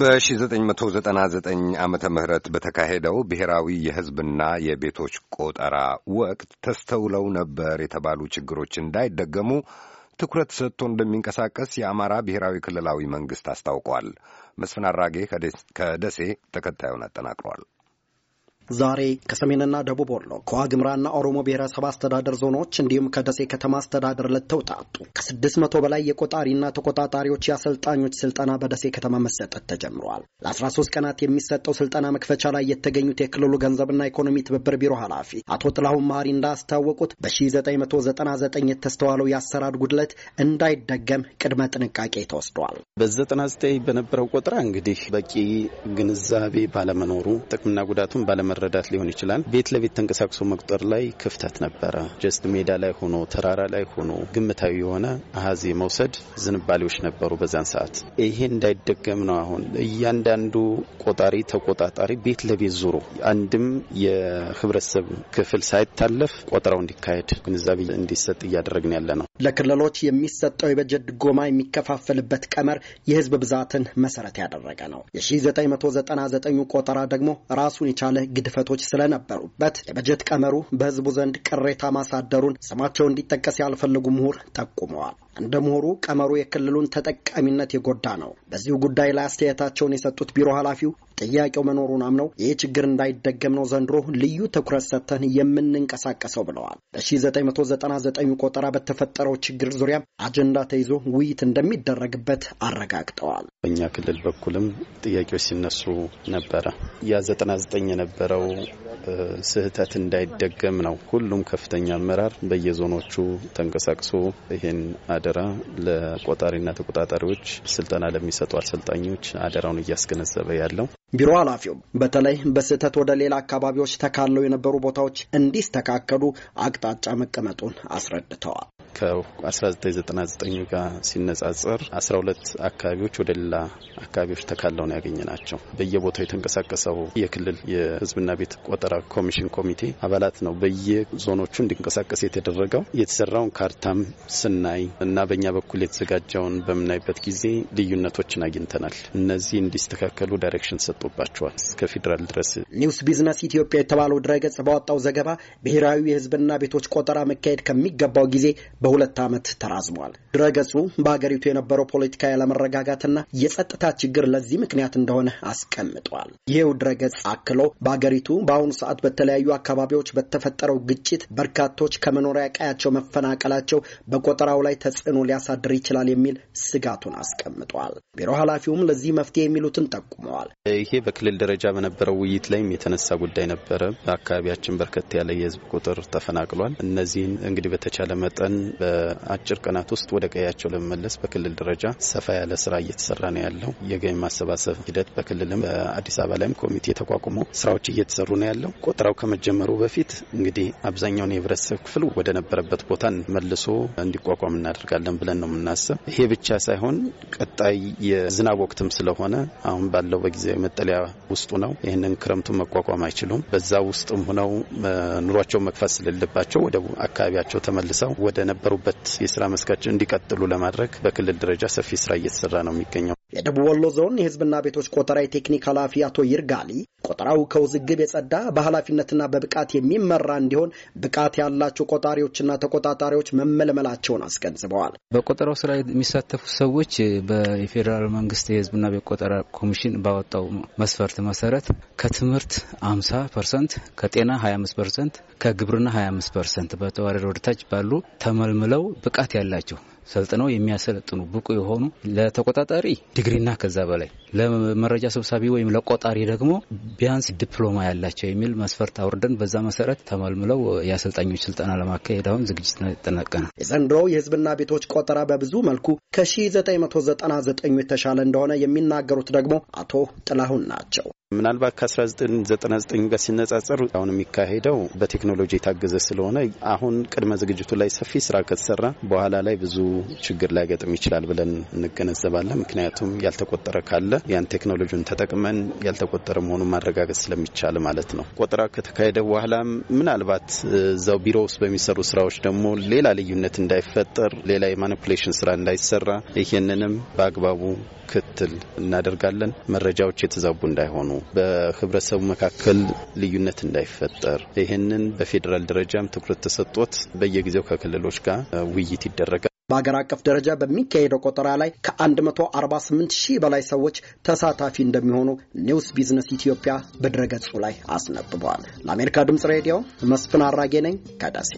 በ1999 ዓመተ ምህረት በተካሄደው ብሔራዊ የሕዝብና የቤቶች ቆጠራ ወቅት ተስተውለው ነበር የተባሉ ችግሮች እንዳይደገሙ ትኩረት ሰጥቶ እንደሚንቀሳቀስ የአማራ ብሔራዊ ክልላዊ መንግሥት አስታውቋል። መስፍን አራጌ ከደሴ ተከታዩን አጠናቅሯል። ዛሬ ከሰሜንና ደቡብ ወሎ ከዋግምራና ኦሮሞ ብሔረሰብ አስተዳደር ዞኖች እንዲሁም ከደሴ ከተማ አስተዳደር ለተውጣጡ ከስድስት መቶ በላይ የቆጣሪና ተቆጣጣሪዎች የአሰልጣኞች ስልጠና በደሴ ከተማ መሰጠት ተጀምሯል። ለ13 ቀናት የሚሰጠው ስልጠና መክፈቻ ላይ የተገኙት የክልሉ ገንዘብና ኢኮኖሚ ትብብር ቢሮ ኃላፊ አቶ ጥላሁን መሀሪ እንዳስታወቁት በ1999 የተስተዋለው የአሰራር ጉድለት እንዳይደገም ቅድመ ጥንቃቄ ተወስዷል። በ99 በነበረው ቆጠራ እንግዲህ በቂ ግንዛቤ ባለመኖሩ ጥቅምና ጉዳቱን ባለመ መረዳት ሊሆን ይችላል። ቤት ለቤት ተንቀሳቅሶ መቁጠር ላይ ክፍተት ነበረ። ጀስት ሜዳ ላይ ሆኖ ተራራ ላይ ሆኖ ግምታዊ የሆነ አሀዜ መውሰድ ዝንባሌዎች ነበሩ በዛን ሰዓት። ይሄ እንዳይደገም ነው አሁን እያንዳንዱ ቆጣሪ ተቆጣጣሪ ቤት ለቤት ዙሮ አንድም የህብረተሰብ ክፍል ሳይታለፍ ቆጠራው እንዲካሄድ ግንዛቤ እንዲሰጥ እያደረግን ያለ ነው። ለክልሎች የሚሰጠው የበጀት ድጎማ የሚከፋፈልበት ቀመር የህዝብ ብዛትን መሰረት ያደረገ ነው። የ1999 ቆጠራ ደግሞ ራሱን የቻለ ግድፈቶች ስለነበሩበት የበጀት ቀመሩ በህዝቡ ዘንድ ቅሬታ ማሳደሩን ስማቸው እንዲጠቀስ ያልፈለጉ ምሁር ጠቁመዋል። እንደመሆኑ ቀመሩ የክልሉን ተጠቃሚነት የጎዳ ነው። በዚሁ ጉዳይ ላይ አስተያየታቸውን የሰጡት ቢሮ ኃላፊው ጥያቄው መኖሩን አምነው ይህ ችግር እንዳይደገም ነው ዘንድሮ ልዩ ትኩረት ሰጥተን የምንንቀሳቀሰው ብለዋል። በ1999 ቆጠራ በተፈጠረው ችግር ዙሪያ አጀንዳ ተይዞ ውይይት እንደሚደረግበት አረጋግጠዋል። በእኛ ክልል በኩልም ጥያቄዎች ሲነሱ ነበረ ያ 99 የነበረው ስህተት እንዳይደገም ነው ሁሉም ከፍተኛ አመራር በየዞኖቹ ተንቀሳቅሶ ይህን አደራ ለቆጣሪና ተቆጣጣሪዎች ስልጠና ለሚሰጡ አሰልጣኞች አደራውን እያስገነዘበ ያለው ቢሮ ኃላፊውም በተለይ በስህተት ወደ ሌላ አካባቢዎች ተካለው የነበሩ ቦታዎች እንዲስተካከሉ አቅጣጫ መቀመጡን አስረድተዋል። ከ1999 ጋር ሲነጻጸር 12 አካባቢዎች ወደ ሌላ አካባቢዎች ተካለው ነው ያገኘ ናቸው። በየቦታው የተንቀሳቀሰው የክልል የህዝብና ቤት ቆጠራ ኮሚሽን ኮሚቴ አባላት ነው በየዞኖቹ እንዲንቀሳቀስ የተደረገው። የተሰራውን ካርታም ስናይ እና በእኛ በኩል የተዘጋጀውን በምናይበት ጊዜ ልዩነቶችን አግኝተናል። እነዚህ እንዲስተካከሉ ዳይሬክሽን ሰጥቶባቸዋል እስከ ፌዴራል ድረስ። ኒውስ ቢዝነስ ኢትዮጵያ የተባለው ድረገጽ ባወጣው ዘገባ ብሔራዊ የህዝብና ቤቶች ቆጠራ መካሄድ ከሚገባው ጊዜ በሁለት ዓመት ተራዝሟል። ድረገጹ በአገሪቱ የነበረው ፖለቲካ ያለመረጋጋትና የጸጥታ ችግር ለዚህ ምክንያት እንደሆነ አስቀምጧል። ይህው ድረገጽ አክሎ በአገሪቱ በአሁኑ ሰዓት በተለያዩ አካባቢዎች በተፈጠረው ግጭት በርካቶች ከመኖሪያ ቀያቸው መፈናቀላቸው በቆጠራው ላይ ተጽዕኖ ሊያሳድር ይችላል የሚል ስጋቱን አስቀምጧል። ቢሮ ኃላፊውም ለዚህ መፍትሄ የሚሉትን ጠቁመዋል። ይሄ በክልል ደረጃ በነበረው ውይይት ላይም የተነሳ ጉዳይ ነበረ። በአካባቢያችን በርከት ያለ የህዝብ ቁጥር ተፈናቅሏል። እነዚህን እንግዲህ በተቻለ መጠን በአጭር ቀናት ውስጥ ወደ ቀያቸው ለመመለስ በክልል ደረጃ ሰፋ ያለ ስራ እየተሰራ ነው ያለው። የገቢ ማሰባሰብ ሂደት በክልልም በአዲስ አበባ ላይም ኮሚቴ ተቋቁሞ ስራዎች እየተሰሩ ነው ያለው። ቆጠራው ከመጀመሩ በፊት እንግዲህ አብዛኛውን የህብረተሰብ ክፍል ወደ ነበረበት ቦታ መልሶ እንዲቋቋም እናደርጋለን ብለን ነው የምናስብ። ይሄ ብቻ ሳይሆን ቀጣይ የዝናብ ወቅትም ስለሆነ አሁን ባለው በጊዜያዊ መጠለያ ውስጡ ነው። ይህንን ክረምቱ መቋቋም አይችሉም። በዛ ውስጥም ሆነው ኑሯቸው መግፋት ስለሌለባቸው ወደ አካባቢያቸው ተመልሰው ወደ በነበሩበት የስራ መስካችን እንዲቀጥሉ ለማድረግ በክልል ደረጃ ሰፊ ስራ እየተሰራ ነው የሚገኘው። የደቡብ ወሎ ዞን የህዝብና ቤቶች ቆጠራ የቴክኒክ ኃላፊ አቶ ይርጋሊ ቆጠራው ከውዝግብ የጸዳ በኃላፊነትና በብቃት የሚመራ እንዲሆን ብቃት ያላቸው ቆጣሪዎችና ተቆጣጣሪዎች መመልመላቸውን አስገንዝበዋል። በቆጠራው ስራ የሚሳተፉ ሰዎች በፌዴራል መንግስት የህዝብና ቤት ቆጠራ ኮሚሽን ባወጣው መስፈርት መሰረት ከትምህርት 50 ፐርሰንት፣ ከጤና 25 ፐርሰንት፣ ከግብርና 25 ፐርሰንት በተዋረደ ወደታች ባሉ ተመልምለው ብቃት ያላቸው ሰልጥነው የሚያሰለጥኑ ብቁ የሆኑ ለተቆጣጣሪ ዲግሪና ከዛ በላይ ለመረጃ ሰብሳቢ ወይም ለቆጣሪ ደግሞ ቢያንስ ዲፕሎማ ያላቸው የሚል መስፈርት አውርደን በዛ መሰረት ተመልምለው የአሰልጣኞች ስልጠና ለማካሄድ አሁን ዝግጅት የተጠናቀቀ ነው። የዘንድሮው የህዝብና ቤቶች ቆጠራ በብዙ መልኩ ከ1999 የተሻለ እንደሆነ የሚናገሩት ደግሞ አቶ ጥላሁን ናቸው። ምናልባት ከ1999 ጋር ሲነጻጸር አሁን የሚካሄደው በቴክኖሎጂ የታገዘ ስለሆነ አሁን ቅድመ ዝግጅቱ ላይ ሰፊ ስራ ከተሰራ በኋላ ላይ ብዙ ችግር ላይገጥም ይችላል ብለን እንገነዘባለን። ምክንያቱም ያልተቆጠረ ካለ ያን ቴክኖሎጂን ተጠቅመን ያልተቆጠረ መሆኑን ማረጋገጥ ስለሚቻል ማለት ነው። ቆጠራ ከተካሄደ በኋላ ምናልባት እዛው ቢሮ ውስጥ በሚሰሩ ስራዎች ደግሞ ሌላ ልዩነት እንዳይፈጠር፣ ሌላ የማኒፑሌሽን ስራ እንዳይሰራ ይህንንም በአግባቡ ክትትል እናደርጋለን። መረጃዎች የተዛቡ እንዳይሆኑ፣ በህብረተሰቡ መካከል ልዩነት እንዳይፈጠር ይህንን በፌዴራል ደረጃም ትኩረት ተሰጥቶት በየጊዜው ከክልሎች ጋር ውይይት ይደረጋል። በሀገር አቀፍ ደረጃ በሚካሄደው ቆጠራ ላይ ከ148 ሺህ በላይ ሰዎች ተሳታፊ እንደሚሆኑ ኒውስ ቢዝነስ ኢትዮጵያ በድረገጹ ላይ አስነብበዋል። ለአሜሪካ ድምፅ ሬዲዮ መስፍን አራጌ ነኝ ከደሴ።